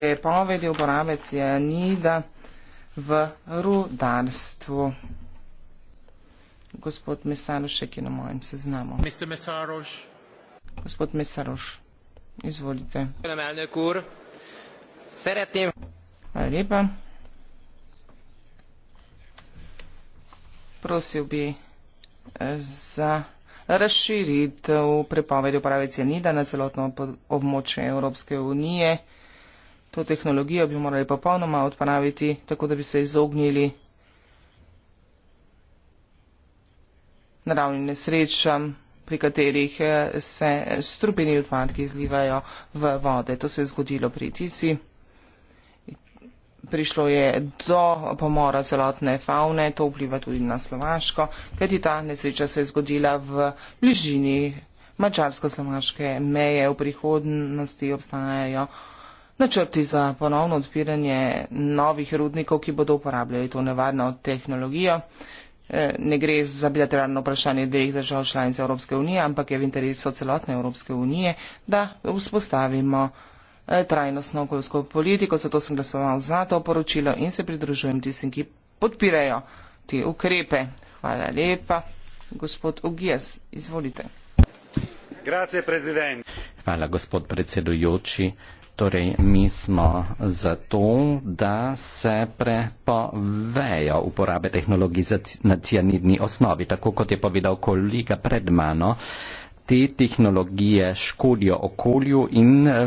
prepovedi uporabe cianida v rudarstvu. Gospod Mesarošek je na mojem seznamu. Mesaroš. Gospod Mesaroš, izvolite. Hvala lepa. Prosil bi eh, za razširitev prepovedi uporabe cianida na celotno območje Evropske unije. To tehnologijo bi morali popolnoma odpraviti, tako da bi se izognili naravnim nesrečam, pri katerih eh, se strupeni odpadki izlivajo v vode. To se je zgodilo pri Tisi. Prišlo je do pomora celotne faune, to vpliva tudi na Slovaško, kajti ta nesreča se je zgodila v bližini mačarsko-slovaške meje. V prihodnosti obstajajo. Načrti za ponovno odpiranje novih rudnikov, ki bodo uporabljali to nevarno tehnologijo, eh, ne gre za bilateralno vprašanje dveh držav članic Evropske unije, ampak je v interesu celotne Evropske unije, da vzpostavimo eh, trajnostno okoljsko politiko. Zato sem glasoval za to poročilo in se pridružujem tistim, ki podpirajo te ukrepe. Hvala lepa. Gospod Ugijas, izvolite. Hvala, gospod predsedujoči. Torej, mi smo zato, da se prepovejo uporabe tehnologij na cianidni osnovi, tako kot je povedal kolega pred mano. Te tehnologije škodijo okolju in eh,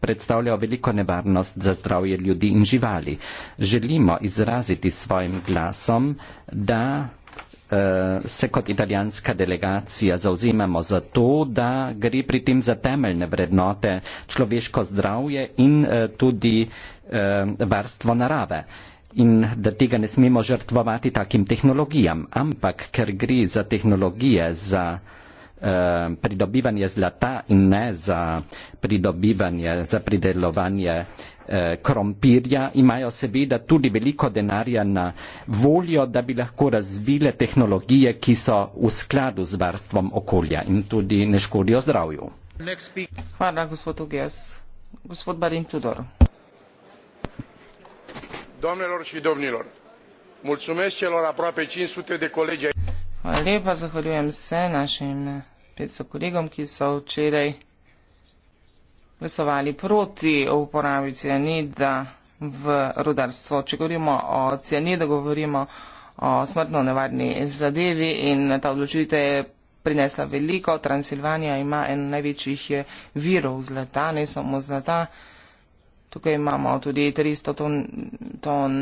predstavljajo veliko nevarnost za zdravje ljudi in živali. Želimo izraziti svojim glasom, da Eh, se kot italijanska delegacija zauzimamo za to, da gre pri tem za temeljne vrednote človeško zdravje in eh, tudi eh, varstvo narave in da tega ne smemo žrtvovati takim tehnologijam. Ampak, ker gre za tehnologije, za Eh, pridobivanje zlata in ne za pridobivanje, za pridelovanje eh, krompirja, imajo seveda tudi veliko denarja na voljo, da bi lahko razvile tehnologije, ki so v skladu z varstvom okolja in tudi ne škodijo zdravju. Hvala, gospod Ugijas. Gospod Barim Tudor. Domnilor in domnilor, mulțumesc celor aproape 500 de colegi. Hvala lepa, zahvaljujem se našim petsto kolegom, ki so včeraj glasovali proti uporabi cianida v rudarstvo. Če govorimo o cianidu, govorimo o smrtno nevarni zadevi in ta odločitev je prinesla veliko. Transilvanija ima en največjih virov zlata, ne samo zlata. Tukaj imamo tudi 300 ton, ton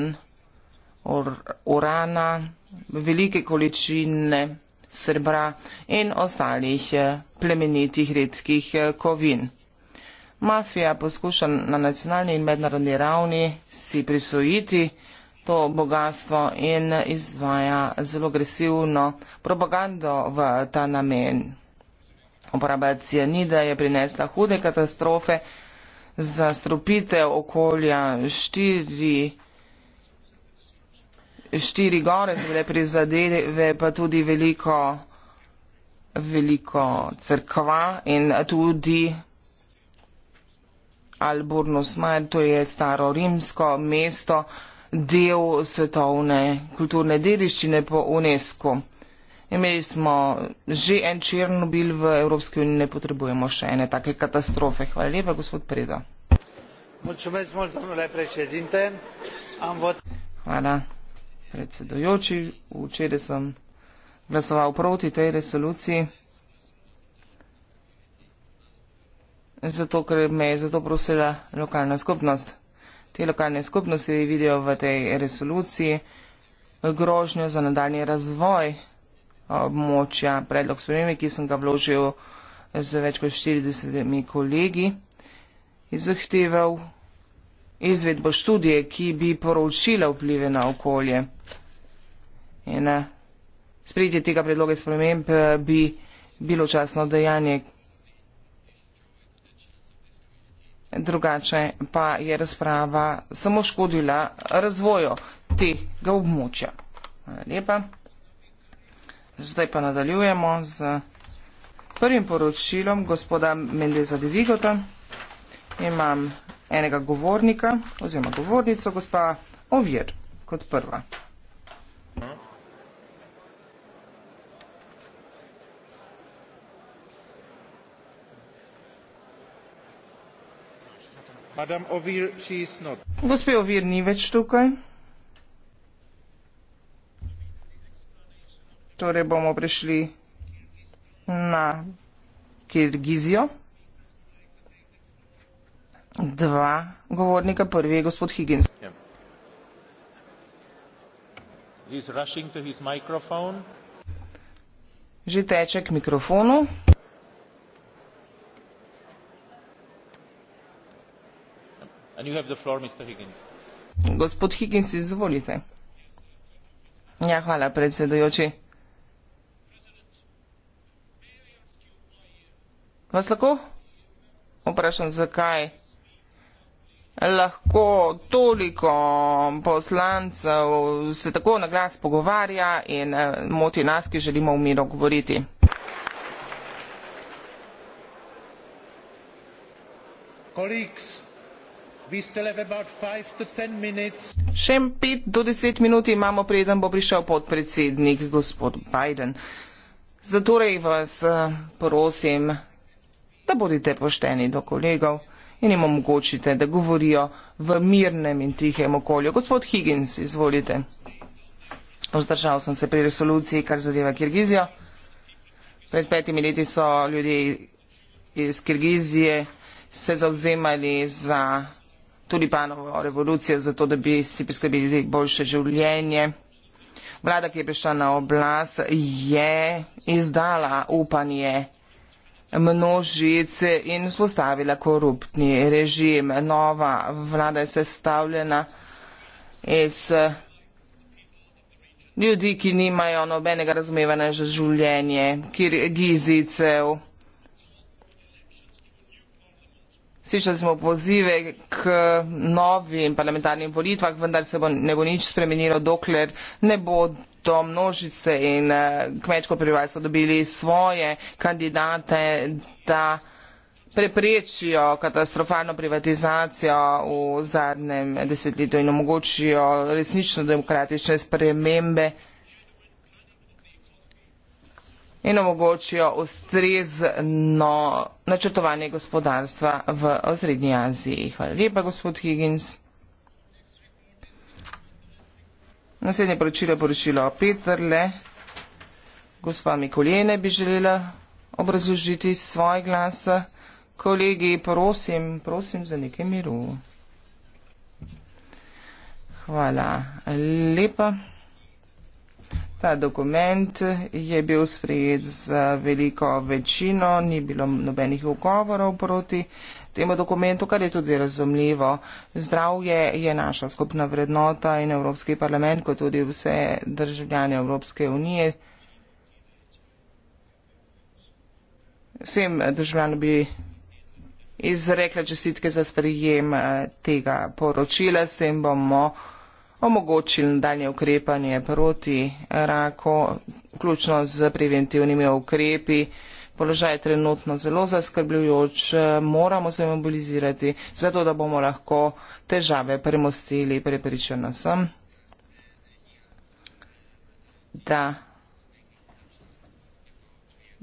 or, urana, velike količine srebra in ostalih eh, plemenitih redkih eh, kovin. Mafija poskuša na nacionalni in mednarodni ravni si prisvojiti to bogatstvo in izvaja zelo agresivno propagando v ta namen. Uporaba cianida je prinesla hude katastrofe za stropitev okolja 4 štiri gore so bile prizadeve, pa tudi veliko, veliko crkva in tudi Alburnus Mar, to je staro rimsko mesto, del svetovne kulturne dediščine po UNESCO. Imeli smo že en Černobil v Evropski uniji, ne potrebujemo še ene take katastrofe. Hvala lepa, gospod Preda. Hvala predsedojoči. Včeraj sem glasoval proti tej resoluciji, zato ker me je zato prosila lokalna skupnost. Te lokalne skupnosti vidijo v tej resoluciji grožnjo za nadaljni razvoj območja predlog spremembe, ki sem ga vložil z več kot 40 kolegi. Zahteval izvedbo študije, ki bi poročila vplive na okolje. In eh, sprejetje tega predloga sprememb eh, bi bilo časno dejanje. Drugače pa je razprava samo škodila razvoju tega območja. Lepa. Zdaj pa nadaljujemo z prvim poročilom gospoda Mendeza de Vigota. Imam enega govornika oziroma govornico, gospa Ovir, kot prva. Gospe Ovir ni več tukaj. Torej bomo prišli na Kirgizijo dva govornika. Prvi je gospod Higgins. Že teče k mikrofonu. Gospod Higgins, izvolite. Ja, hvala, predsedujoči. Vas lahko vprašam, zakaj lahko toliko poslancev se tako na glas pogovarja in eh, moti nas, ki želimo v miru govoriti. Kolegs. Še 5 do 10 minut imamo, preden bo prišel podpredsednik gospod Biden. Zatorej vas eh, prosim, da bodite pošteni do kolegov in jim omogočite, da govorijo v mirnem in tihem okolju. Gospod Higgins, izvolite. Vzdržal sem se pri resoluciji, kar zadeva Kirgizijo. Pred petimi leti so ljudje iz Kirgizije se zauzemali za tulipanovo revolucijo, zato da bi si priskrbili boljše življenje. Vlada, ki je prišla na oblast, je izdala upanje množice in vzpostavila koruptni režim. Nova vlada je sestavljena iz ljudi, ki nimajo nobenega razumevanja za življenje, kirgizicev, Slišali smo pozive k novim parlamentarnim volitvah, vendar se bo, ne bo nič spremenilo, dokler ne bo to množice in eh, kmečko prebivalstvo dobili svoje kandidate, da preprečijo katastrofalno privatizacijo v zadnjem desetletju in omogočijo resnično demokratične spremembe in omogočijo ustrezno načrtovanje gospodarstva v osrednji Aziji. Hvala lepa, gospod Higgins. Naslednje poročilo je poročilo o Petrle. Gospa Mikuljene bi želela obrazložiti svoj glas. Kolegi, prosim, prosim za nekaj miru. Hvala lepa. Ta dokument je bil sprejet z veliko večino, ni bilo nobenih ugovorov proti temu dokumentu, kar je tudi razumljivo. Zdravje je naša skupna vrednota in Evropski parlament, kot tudi vse državljane Evropske unije. Vsem državljanom bi izrekla čestitke za sprejem eh, tega poročila, s tem bomo omogočil nadaljnje ukrepanje proti raku, vključno z preventivnimi ukrepi. Položaj je trenutno zelo zaskrbljujoč, moramo se mobilizirati, zato da bomo lahko težave premostili, prepričana sem, da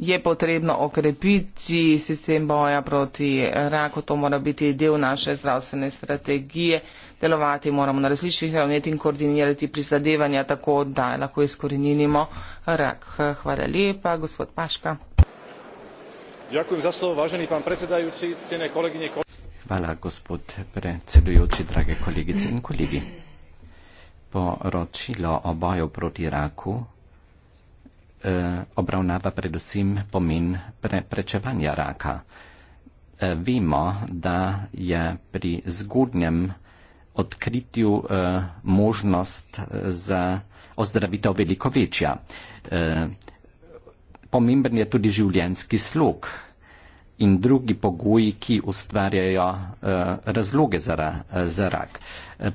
je potrebno okrepiti sistem boja proti raku, to mora biti del naše zdravstvene strategije, delovati moramo na različnih ravneh in koordinirati prizadevanja tako, da lahko izkoreninimo rak. Hvala lepa, gospod Paška. Hvala, gospod predsedujoči, drage kolegice in kolegi. Poročilo o boju proti raku Eh, obravnava predvsem pomen pre, prečevanja raka. Eh, vemo, da je pri zgodnjem odkritju eh, možnost za ozdravitev veliko večja. Pomemben je tudi življenski slog in drugi pogoji, ki ustvarjajo razloge za, za rak.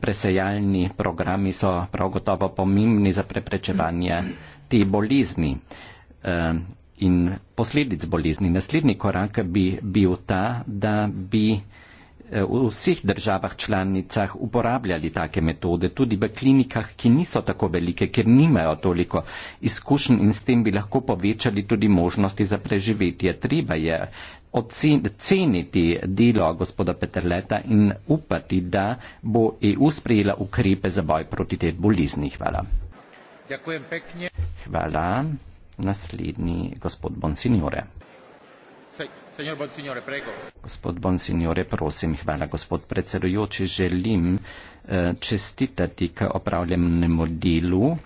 Presejalni programi so prav gotovo pomembni za preprečevanje mm -hmm te bolezni um, in posledic bolezni. Naslednji korak bi bil ta, da bi eh, v vseh državah članicah uporabljali take metode, tudi v klinikah, ki niso tako velike, ker nimajo toliko izkušenj in s tem bi lahko povečali tudi možnosti za preživetje. Treba je oceniti delo gospoda Petrleta in upati, da bo EU sprejela ukrepe za boj proti te bolizni. Hvala. Ďakujem pekne. Chvala. Naslednji gospod Bonsignore. Senor Bonsignore, prego. Gospod Bonsignore, prosim, hvala, gospod predsedujoči. Želim uh, čestitati k opravljenemu delu, uh,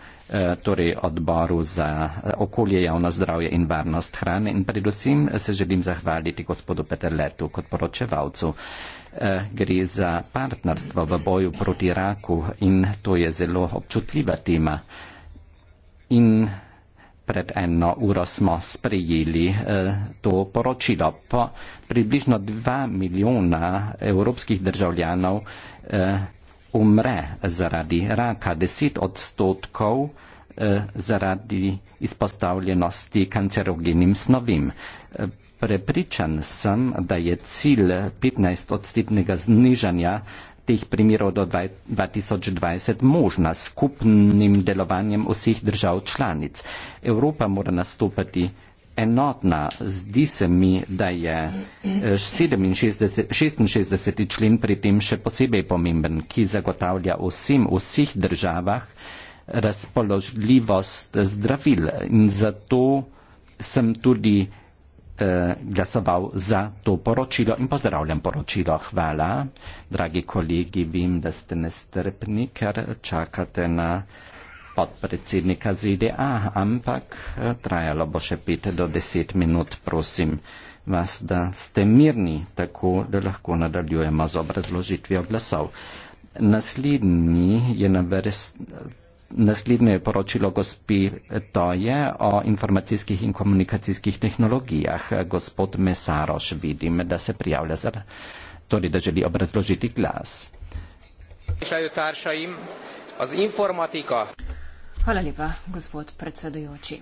torej odboru za eh, okolje, javno zdravje in varnost hrane in predvsem se želim zahvaliti gospodu Peterletu kot poročevalcu. Uh, gre za partnerstvo v boju proti raku in to je zelo občutljiva tema. Uh, in pred eno uro smo sprejeli eh, to poročilo. Po približno 2 milijona evropskih državljanov eh, umre zaradi raka, 10 odstotkov eh, zaradi izpostavljenosti kancerogenim snovim. Eh, prepričan sem, da je cilj 15-odstotnega znižanja eh, teh primerov do 2020 možna s skupnim delovanjem vseh držav članic. Evropa mora nastopati enotna. Zdi se mi, da je 67, eh, 66. člen pri tem še posebej pomemben, ki zagotavlja vsem, vseh državah razpoložljivost zdravil. In zato sem tudi Eh, glasoval za to poročilo in pozdravljam poročilo. Hvala. Dragi kolegi, vem, da ste nestrpni, ker čakate na podpredsednika ZDA, ampak eh, trajalo bo še 5 do 10 minut, prosim vas, da ste mirni, tako da lahko nadaljujemo z obrazložitvijo glasov. Naslednji je na vrst naslednje poročilo gospi Toje o informacijskih in komunikacijskih tehnologijah. Gospod Mesaroš, vidim, da se prijavlja, za, torej da želi obrazložiti glas. Hvala lepa, gospod predsedujoči.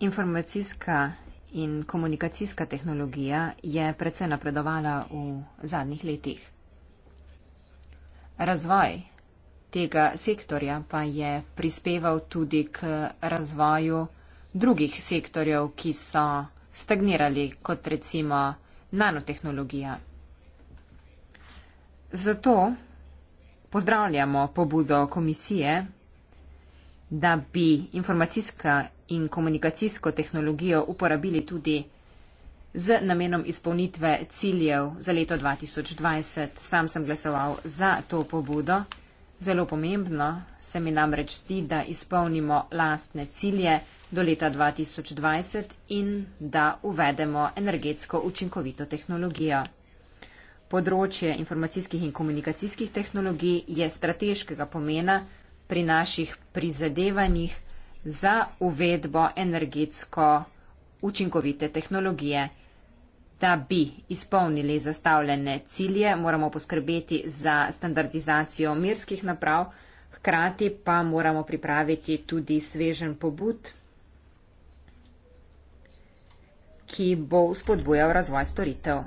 Informacijska in komunikacijska tehnologija je predvsej napredovala v zadnjih letih. Razvoj tega sektorja pa je prispeval tudi k razvoju drugih sektorjev, ki so stagnirali, kot recimo nanotehnologija. Zato pozdravljamo pobudo komisije, da bi informacijska in komunikacijsko tehnologijo uporabili tudi z namenom izpolnitve ciljev za leto 2020. Sam sem glasoval za to pobudo. Zelo pomembno se mi namreč zdi, da izpolnimo lastne cilje do leta 2020 in da uvedemo energetsko učinkovito tehnologijo. Področje informacijskih in komunikacijskih tehnologij je strateškega pomena pri naših prizadevanjih za uvedbo energetsko učinkovite tehnologije. Da bi izpolnili zastavljene cilje, moramo poskrbeti za standardizacijo mirskih naprav, hkrati pa moramo pripraviti tudi svežen pobud, ki bo spodbujal razvoj storitev.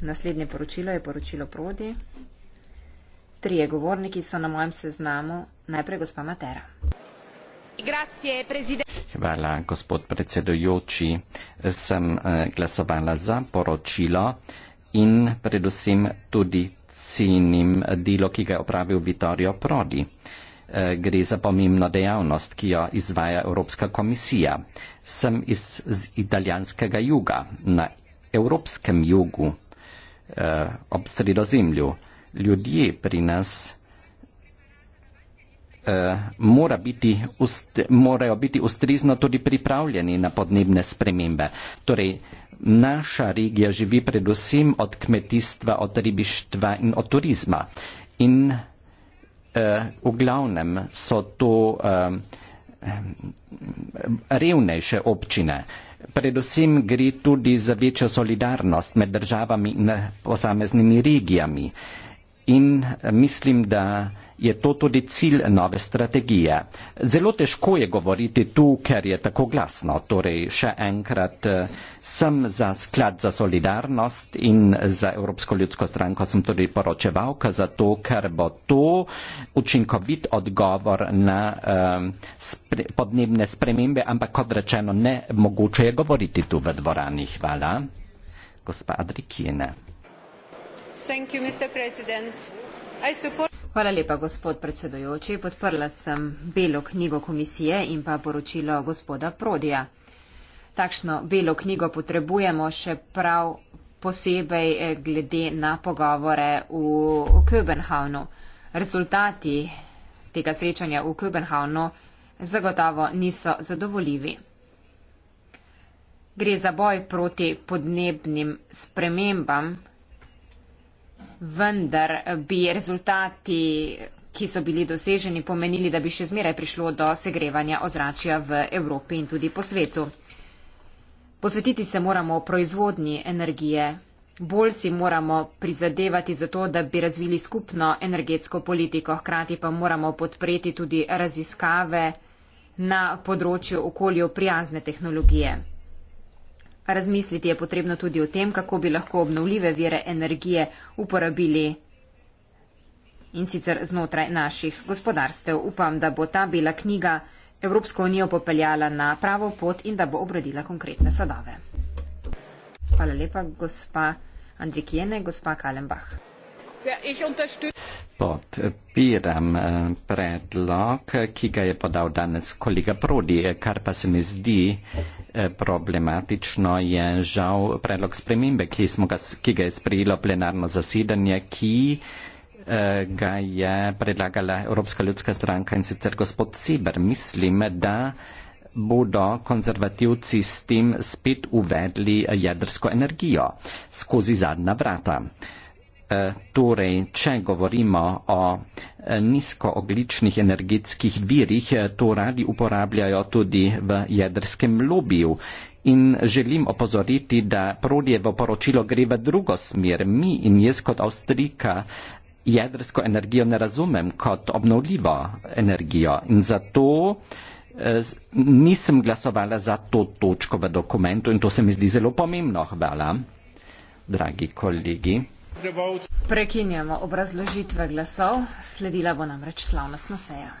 Naslednje poročilo je poročilo Prodi. Trije govorniki so na mojem seznamu. Najprej gospa Matera. Grazie, Hvala, gospod predsedujoči. Sem eh, glasovala za poročilo in predvsem tudi cenim delo, ki ga je opravil Vittorio Prodi. Eh, gre za pomembno dejavnost, ki jo izvaja Evropska komisija. Sem iz, iz italijanskega juga, na evropskem jugu, eh, ob sredozemlju. Ljudje pri nas Eh, mora biti, ust, morajo biti ustrezno tudi pripravljeni na podnebne spremembe. Torej, naša regija živi predvsem od kmetijstva, od ribištva in od turizma. In uh, v glavnem so to uh, revnejše občine. Predvsem gre tudi za večjo solidarnost med državami in posameznimi regijami. Uh, in eh, mislim, da je to tudi cilj nove strategije. Zelo težko je govoriti tu, ker je tako glasno. Torej, še enkrat, eh, sem za sklad za solidarnost in za Evropsko ljudsko stranko sem tudi poročevalka, zato ker bo to učinkovit odgovor na uh, spre, podnebne spremembe, ampak kot rečeno, ne mogoče je govoriti tu v dvorani. Hvala. Gospa Adrikine. Hvala lepa, gospod predsedujoči. Podprla sem belo knjigo komisije in pa poročilo gospoda Prodija. Takšno belo knjigo potrebujemo še prav posebej eh, glede na pogovore v Köbenhavnu. Rezultati tega srečanja v Köbenhavnu zagotovo niso zadovoljivi. Gre za boj proti podnebnim spremembam, vendar bi rezultati, ki so bili doseženi, pomenili, da bi še zmeraj prišlo do segrevanja ozračja v Evropi in tudi po svetu. Posvetiti se moramo proizvodnji energije. Bolj si moramo prizadevati za to, da bi razvili skupno energetsko politiko, hkrati pa moramo podpreti tudi raziskave na področju okolju prijazne tehnologije. Razmisliti je potrebno tudi o tem, kako bi lahko obnovljive vire energije uporabili in sicer znotraj naših gospodarstev. Upam, da bo ta bela knjiga Evropsko unijo popeljala na pravo pot in da bo obrodila konkretne sadove. Hvala lepa, gospa Andrikijene, gospa Kalembah. Pod piram eh, predlog, ki ga je podal danes kolega Prodi, eh, kar pa se mi zdi eh, problematično, je žal predlog spremembe, ki, ga, ki ga je sprejelo plenarno zasedanje, ki ga je predlagala Evropska ljudska stranka in sicer gospod Seber. Mislim, da bodo konzervativci s tem spet uvedli jedrsko energijo skozi zadnja vrata. E, torej, če govorimo o e, nizkooglični energetskih virih, e, to radi uporabljajo tudi v jedrskem lobiju. In želim opozoriti, da prodjevo poročilo gre v drugo smer. Mi in jaz kot Avstrika jedrsko energijo ne razumem kot obnovljivo energijo. In zato eh, nisem glasovala za to točko v dokumentu in to se mi zdi zelo pomembno. Hvala, dragi kolegi. Prekinjamo obrazložitve glasov, sledila bo namreč slavnostna seja.